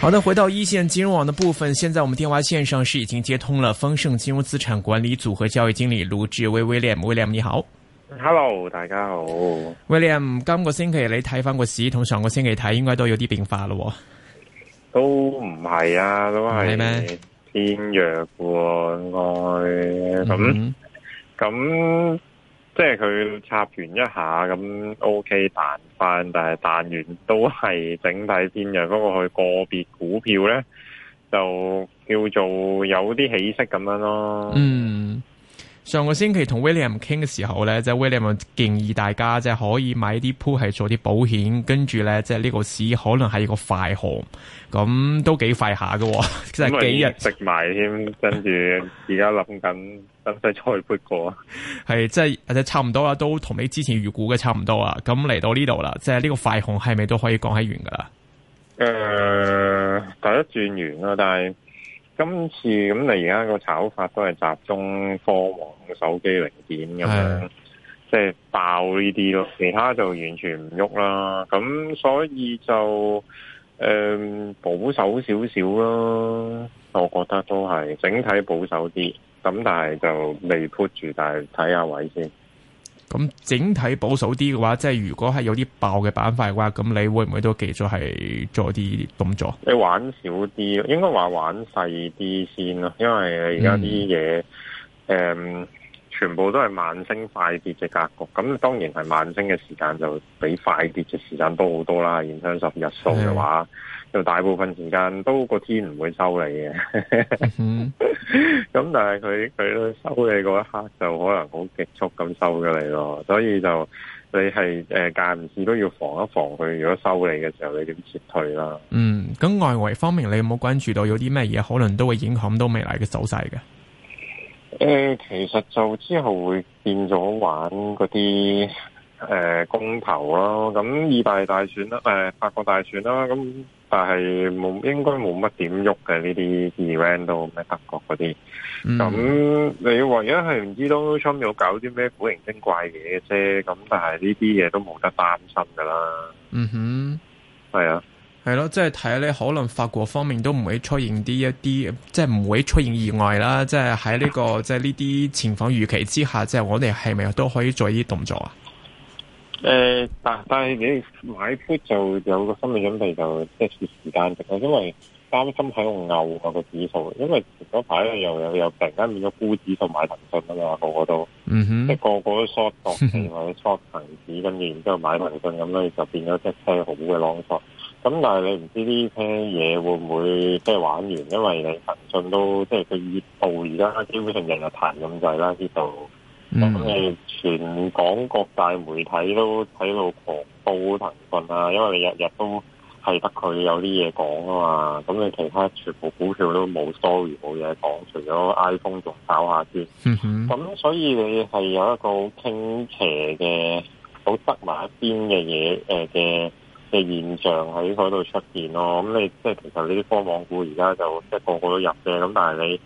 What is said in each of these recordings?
好的，回到一線金融網的部分。現在我們電話線上是已經接通了豐盛金融資產管理組合交易經理盧志威 William，William William, 你好。Hello，大家好。William，今個星期你睇翻個市，同上個星期睇應該都有啲變化咯。都唔係啊，都係偏弱嘅，哦。咁咁。Right? 嗯哼即係佢插完一下咁，O K 彈翻，但係彈完都係整體偏弱。不過佢個別股票咧，就叫做有啲起色咁樣咯。嗯。上個星期同 William 傾嘅時候咧，即係 William 建議大家即係可以買啲鋪係做啲保險，跟住咧即係呢個市可能係一個快行，咁都幾快下噶，即係幾日食埋添， 跟住而家諗緊使唔使出去搏過啊，係即係或者差唔多啦，都同你之前預估嘅差唔多啦。咁嚟到呢度啦，即係呢個快行係咪都可以講係完噶啦？誒、呃，第一轉完啦，但係。今次咁你而家個炒法都係集中科王嘅手機零件咁樣，的即係爆呢啲咯，其他就完全唔喐啦。咁所以就誒、呃、保守少少咯，我覺得都係整體保守啲。咁但係就未 put 住，但係睇下位先。咁整體保守啲嘅話，即係如果係有啲爆嘅板塊嘅話，咁你會唔會都記咗係做啲動作？你玩少啲，應該話玩細啲先啦，因為而家啲嘢誒，全部都係慢升快跌嘅格局。咁當然係慢升嘅時間就比快跌嘅時間多好多啦。現將十日數嘅話。嗯就大部分時間都個天唔會收你嘅，咁 但係佢佢收你嗰一刻就可能好急速咁收咗你咯，所以就你係誒間唔時都要防一防佢，如果收你嘅時候你點撤退啦。嗯，咁外圍方面你有冇關注到有啲咩嘢，可能都會影響到未來嘅走勢嘅？誒、呃，其實就之後會變咗玩嗰啲誒公投咯，咁意大利大選啦，誒、呃、法國大選啦，咁、嗯。但係冇，應該冇乜點喐嘅呢啲 event 都咩德國嗰啲，咁、嗯、你唯一係唔知都出面有搞啲咩古靈精怪嘢啫，咁但係呢啲嘢都冇得擔心噶啦。嗯哼，係啊，係咯，即係睇下你，可能法國方面都唔會出現啲一啲，即係唔會出現意外啦。即係喺呢個即係呢啲情況預期之下，即、就、係、是、我哋係咪都可以做呢啲動作啊？誒，但但係你買 put 就有個心理準備，就即係蝕時間值，因為擔心喺度牛啊個指數，因為嗰排咧又有又突然間變咗沽指數買騰訊啊，個個都，即係個個都 short 國企或者 short 恒指跟住，然之後買騰訊咁咧就變咗隻車好嘅 long short。咁但係你唔知呢啲嘢會唔會即係玩完？因為騰訊都即係佢熱度而家基本上日日彈咁滯啦，呢度，嗯。全港各大媒體都睇到狂煲騰訊啊，因為你日日都係得佢有啲嘢講啊嘛，咁你其他全部股票都冇 sorry，冇嘢講，除咗 iPhone 仲搞下先，咁 所以你係有一個傾斜嘅，好側埋一邊嘅嘢，誒嘅嘅現象喺嗰度出現咯。咁你即係其實呢啲科網股而家就即係個個都入嘅，咁但係你。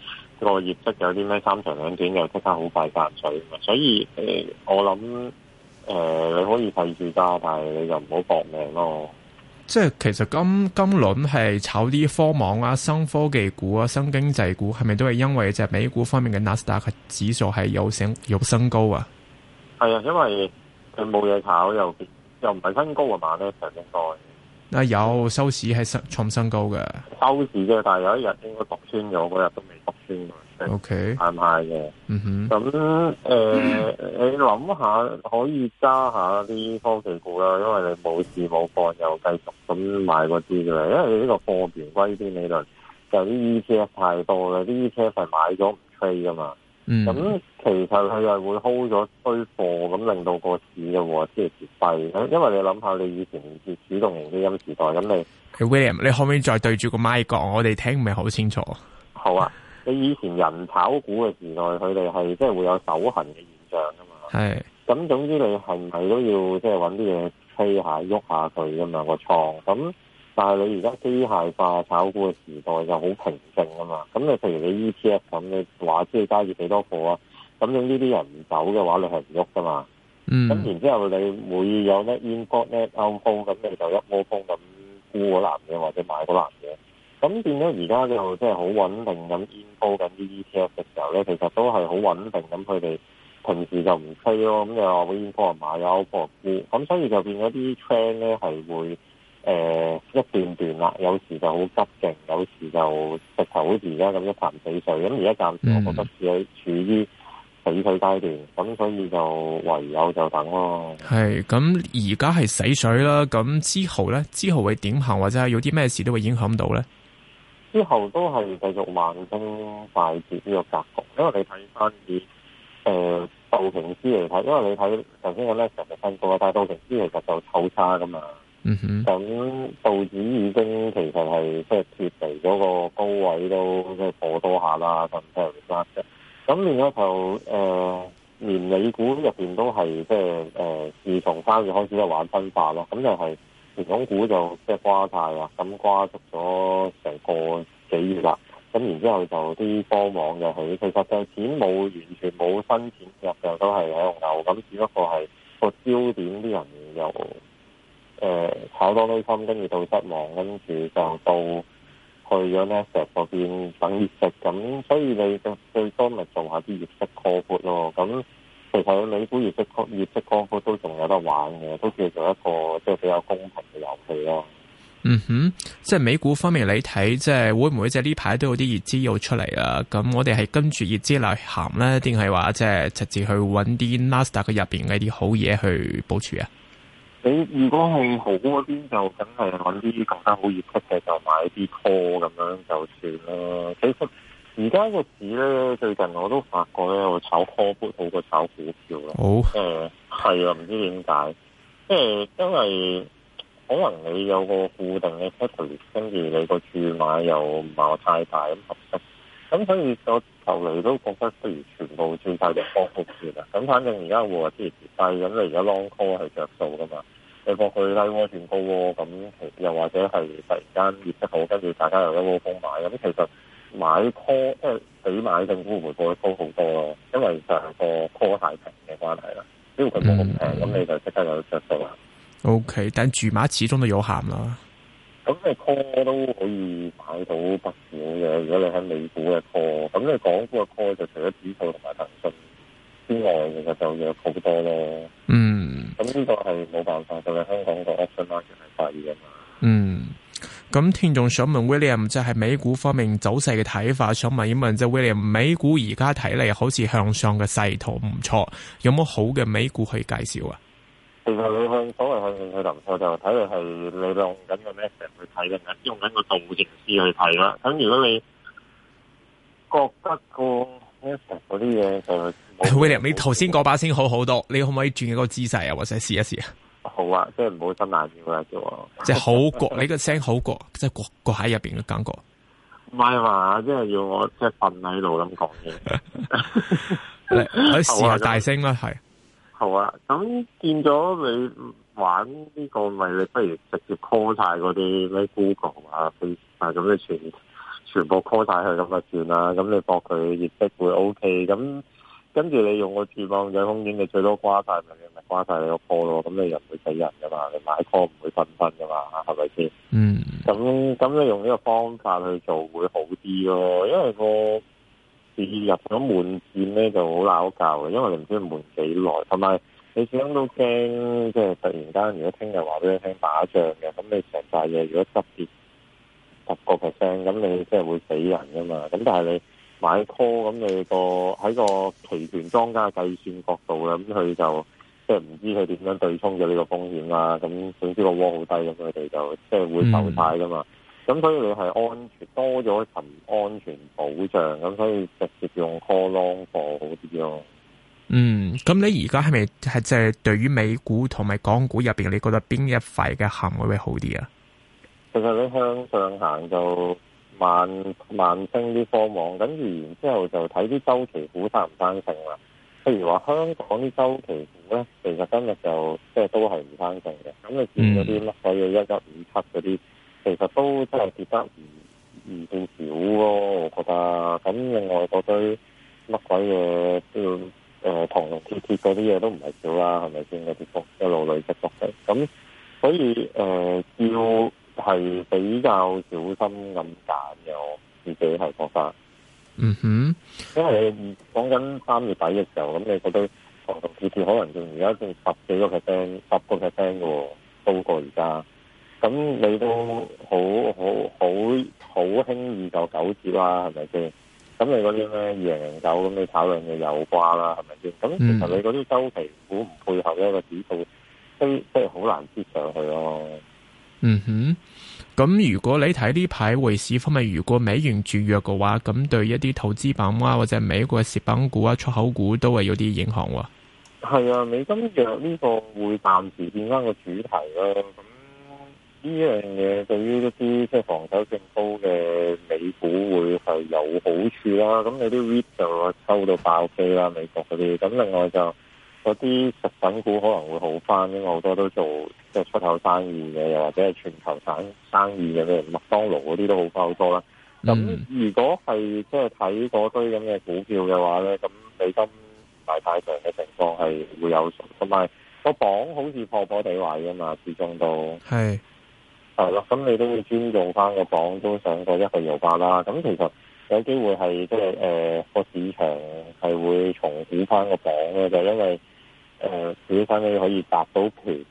個業績有啲咩三長兩短，又出得好快殺水，所以誒、呃，我諗誒、呃，你可以睇住揸，但係你就唔好搏命咯。即係其實今今，今輪係炒啲科網啊、新科技股啊、新經濟股，係咪都係因為隻美股方面嘅納斯達克指數係有升有升高啊？係啊，因為佢冇嘢炒又又唔係新高啊嘛咧就應該。啊有收市係創新高嘅，收市嘅，但係有一日應該篤穿咗，嗰日都未篤穿嘅。O K，限牌嘅，嗯哼、mm。咁、hmm. 誒、呃，你諗下可以加下啲科技股啦，因為你冇市冇貨又繼續咁買嗰啲嘅，因為呢個貨盤歸邊理論，就啲 E T F 太多啦，啲 E T F 係買咗唔飛噶嘛。嗯，咁其實佢係會 hold 咗堆貨，咁令到個市嘅喎，即係跌低。咁因為你諗下，你以前係主動型基金時代，咁你 William，你可唔可以再對住個麥講？我哋聽唔係好清楚。好啊， 你以前人炒股嘅時代，佢哋係即係會有手痕嘅現象啊嘛。係是，咁總之你係咪都要即係揾啲嘢吹下喐下佢咁樣個倉咁。但係你而家機械化炒股嘅時代就好平靜啊嘛，咁你譬如你 E T F 咁，你話知你揸住幾多股啊？咁呢啲人唔走嘅話，你係唔喐噶嘛？咁然之後你會有咧 in，got 咧 o u t c u l l 咁你就一窩蜂咁沽嗰欄嘅或者買嗰欄嘅。咁變咗而家就真係好穩定咁 i n c u l l 緊啲 E T F 嘅時候咧，其實都係好穩定咁，佢哋平時就唔出咯，咁又話會 in，call 又買，out，call 又沽，咁所以就變咗啲 chain 咧係會。誒、呃、一段段啦，有時就好急勁，有時就直頭好似而家咁一潭死水。咁而家暫時，我覺得只係處於死水階段，咁、嗯、所以就唯有就等咯。係，咁而家係死水啦。咁之後咧，之後會點行或者係有啲咩事都會影響到咧。之後都係繼續慢升快跌呢個格局，因為你睇翻以誒道瓊斯嚟睇，因為你睇頭先嗰咩成日訓告啊，但係道瓊斯其實就湊差噶嘛。嗯哼，咁、mm hmm. 道指已經其實係即係脫離嗰個高位、呃、都即係破多下啦，咁譬如啦，咁面咧就誒連美股入邊都係即係誒，自從三月開始就玩分化咯，咁又係傳統股就即係瓜曬啦，咁瓜足咗成個幾月啦，咁然之後就啲多網又起，其實就錢冇完全冇新錢入嘅，都係喺度牛，咁只不過係個焦點啲人又。誒，炒多啲倉，跟住到失望，跟住就到去咗呢石嗰邊等業績咁，所以你就最多咪做下啲業績擴闊咯。咁其實嘅美股業績擴業績擴闊都仲有得玩嘅，都叫做一個即係比較公平嘅遊戲咯。嗯哼，即係美股方面你，你睇即係會唔會即係呢排都有啲業績要出嚟啊，咁我哋係跟住業績內行咧，定係話即係直接去搵啲 Nasdaq 嘅入邊嗰啲好嘢去部署啊？你如果係豪嗰邊就，梗係揾啲更加好業績嘅就買啲 call 咁樣就算啦。其實而家個市咧，最近我都發覺咧，我炒科盤好過炒股票啦。好、oh. 呃，誒係啊，唔知點解，即、呃、係因為可能你有個固定嘅 budget 跟住你個注碼又唔係太大咁合適。咁所以個頭嚟都覺得不如全部最大嘅波幅跌啊！咁反正而家話跌跌低，咁你而家 long call 係着數噶嘛？你過去低窩轉高窩，咁又或者係突然間業績好，跟住大家又一窩蜂買，咁其實買 call 即係比買政府回報高好多咯，因為就係個 call 太平嘅關係啦，因為佢冇咁平，咁你就即刻有着數啦。OK，但住碼始終都有限啦。咁你 call 都可以買到不少嘅，如果你喺美股嘅 call，咁你係港股嘅 call 就除咗指數同埋騰訊之外，其實就有好多咯。嗯，咁呢個係冇辦法，因為香港個 option 係低嘅嘛。嗯，咁聽眾想問 William，即係美股方面走勢嘅睇法，想問一問即係、就是、William，美股而家睇嚟好似向上嘅勢頭唔錯，有冇好嘅美股去介紹啊？其實你向所謂向向林 s 就睇佢係你，你用緊個 message 去睇緊，用緊個道正師去睇啦。咁如果你覺得個 message 嗰啲嘢誒，William，你頭先嗰把聲好好多，你可唔可以轉個姿勢啊？或者試一試啊？好啊，即係唔好睜眼笑啦，我，即係好焗，你個聲好焗，即係焗焗喺入邊嘅感覺。唔係嘛？即係要我即係瞓喺度咁講嘢。你試下大聲啦，係。 好啊，咁變咗你玩呢，這個咪，就是，你不如直接 call 晒嗰啲咩 Google 啊、Facebook 啊，咁你全全部 call 晒佢咁就算啦，咁你博佢業績會 OK，咁跟住你用個注忘者風險，你最多瓜晒咪，咪瓜晒你個 call 咯，咁你又唔會死人噶嘛，你買 call 唔會分分噶嘛，係咪先？嗯，咁咁你用呢個方法去做會好啲咯。哦，因為個。自入咗門戰咧，就好撓教嘅，因為你唔知門幾耐，同埋你始終都驚，即係突然間如果聽日話俾你聽打仗嘅，咁你成大嘢如果執住十個 percent，咁你即係會死人噶嘛。咁但係你買 call 咁你個喺個期權莊家計算角度咧，咁佢就即係唔知佢點樣對沖咗呢個風險啦、啊。咁總之個窩好低咁，佢哋就即係會受晒噶嘛。嗯咁所以你係安全多咗層安全保障，咁所以直接用 call long 貨好啲咯。嗯，咁你而家係咪係即係對於美股同埋港股入邊，你覺得邊一塊嘅行會好啲啊？其實你向上行就慢慢升啲貨網，跟住然之後就睇啲周期股升唔升升啦。譬如話香港啲周期股咧，其實今日就即係都係唔生性嘅。咁你見嗰啲乜嘢一一五七嗰啲？其實都真係跌得唔唔少咯，我覺得。咁另外嗰堆乜鬼嘢，啲誒糖糖鐵鐵嗰啲嘢都唔係、呃、少啦，係咪先嗰啲各一路累積落嘅？咁所以誒要係比較小心咁揀嘅，我自己係覺得。嗯哼、mm，hmm. 因為講緊三月底嘅時候，咁你覺得糖糖鐵鐵可能仲而家仲十幾多 percent、十個 percent 嘅、哦，高過而家。咁你都好好好好，好輕易就九折啦，係咪先？咁你嗰啲咧贏狗，咁你炒量就有瓜啦，係咪先？咁其實你嗰啲周期股唔配合一個指數，都都好難接上去咯、啊。嗯哼，咁如果你睇呢排匯市方面，如果美元轉弱嘅話，咁對一啲投資板啊，或者美國嘅食品股啊、出口股都係有啲影響喎。係啊，美金弱呢個會暫時變返個主題咯、啊。呢樣嘢對於一啲即係防守性高嘅美股會係有好處啦。咁你啲 REIT 就收到爆飛啦，美國嗰啲。咁另外就嗰啲食品股可能會好返，因為好多都做即係出口生意嘅，又或者係全球性生，生意嘅，譬如麥當勞嗰啲都好返好多啦。咁、嗯、如果係即係睇嗰堆咁嘅股票嘅話咧，咁美金大太升嘅情況係會有，同埋個榜好似破破地位嘅嘛，始終都係。係啦，咁、嗯嗯、你都會尊重翻個榜都上過一個遊八啦。咁其實有機會係即係誒個市場係會重估翻個榜嘅，就是、因為誒小生咧可以達到其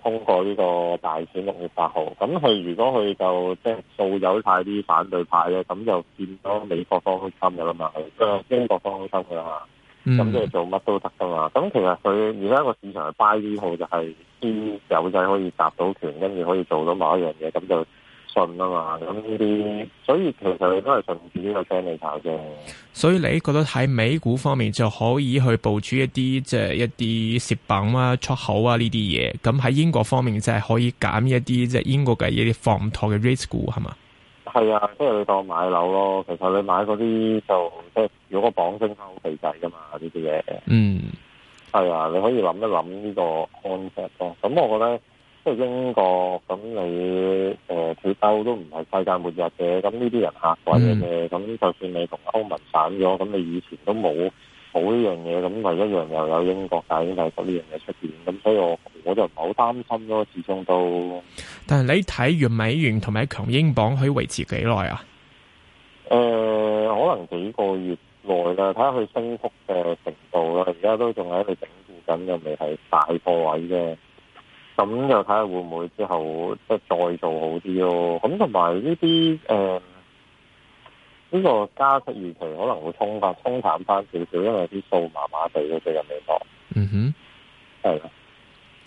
通過呢個大選六月八號。咁佢如果佢就即係掃走晒啲反對派咧，咁就變咗美國方心嘅啦嘛，即係英國方心嘅啦。咁即係做乜都得噶嘛，咁其實佢而家個市場係 buy 啲、e、好就係、是、啲友仔可以搭到權，跟住可以做到某一樣嘢，咁就信啊嘛。咁呢啲，所以其實你都係信自己個聲嚟炒啫。所以你覺得喺美股方面就可以去部署一啲即係一啲食品啊、出口啊呢啲嘢，咁喺英國方面即係可以減一啲即係英國嘅一啲房託嘅 rate 股係嘛？係啊，即係你當買樓咯。其實你買嗰啲就即係如果個榜升翻好地仔噶嘛呢啲嘢。嗯，係啊，你可以諗一諗呢個 concept 咯。咁我覺得即係英國咁你誒脫歐都唔係世界末日嘅。咁呢啲人吓鬼嘅咩？咁、嗯、就算你同歐盟散咗，咁你以前都冇。冇呢樣嘢，咁咪一樣又有英國大英國佬呢樣嘢出現，咁所以我我就唔好擔心咯。始終都，但係你睇完美元同埋強英鎊可以維持幾耐啊？誒、呃，可能幾個月內啦，睇下佢升幅嘅程度啦。而家都仲喺度整固緊，又未係大破位嘅。咁又睇下會唔會之後即係再做好啲咯。咁同埋呢啲誒。呃呢個加息預期可能會沖發沖淡翻少少，因為啲數麻麻地嘅，最近微博。嗯哼，係啦對。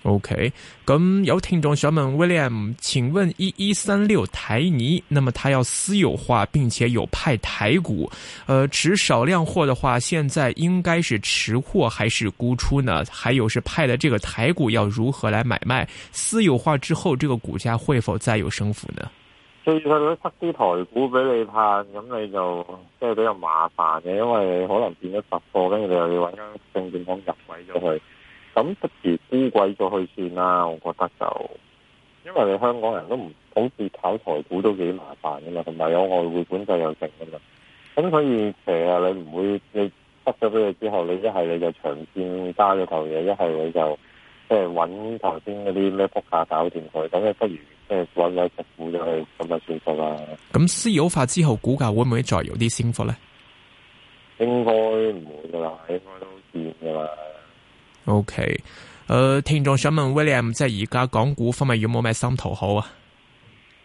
O K，咁有聽眾想問 William，請問一一三六台泥，那麼他要私有化並且有派台股，呃，持少量貨的話，現在應該是持貨還是沽出呢？還有是派的這個台股要如何來買賣？私有化之後，這個股價會否再有升幅呢？嗯、你佢攞塞啲台股俾你拍，咁你就即係比較麻煩嘅，因為可能變咗十個，跟住你又要揾間正券行入位咗去，咁不如沽鬼咗去算啦，我覺得就因為你香港人都唔好似炒台股都幾麻煩噶嘛，同埋有外匯管制又剩噶嘛，咁所以其實你唔會你塞咗俾你之後，你一係你就長線加咗頭嘢，一係你就即係揾頭先嗰啲咩 b o 搞掂佢，咁你不如。即係穩下政府就係咁樣先得啦。咁私有化之後股價會唔會再有啲升幅咧？應該唔會噶啦，應該都自然噶啦。O K，誒，聽眾想問 William，即係而家港股方面有冇咩新頭好啊？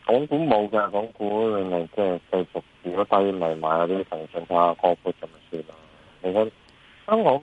港股冇噶，港股你咪即係繼續如果低迷買下啲騰訊啊、港股咁咪算啦。而家香港。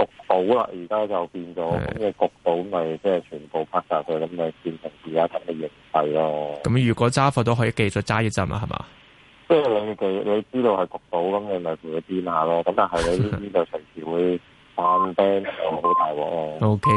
焗到啦，而家就變咗，咁你的焗到，咪即係全部拍晒佢，咁咪變成而家咁嘅形勢咯。咁如果揸貨都可以繼續揸一陣啊，係嘛？即係你你你知道係焗到，咁你咪會變下咯。咁但係你呢邊 就隨時會散 band 好大鑊。O K。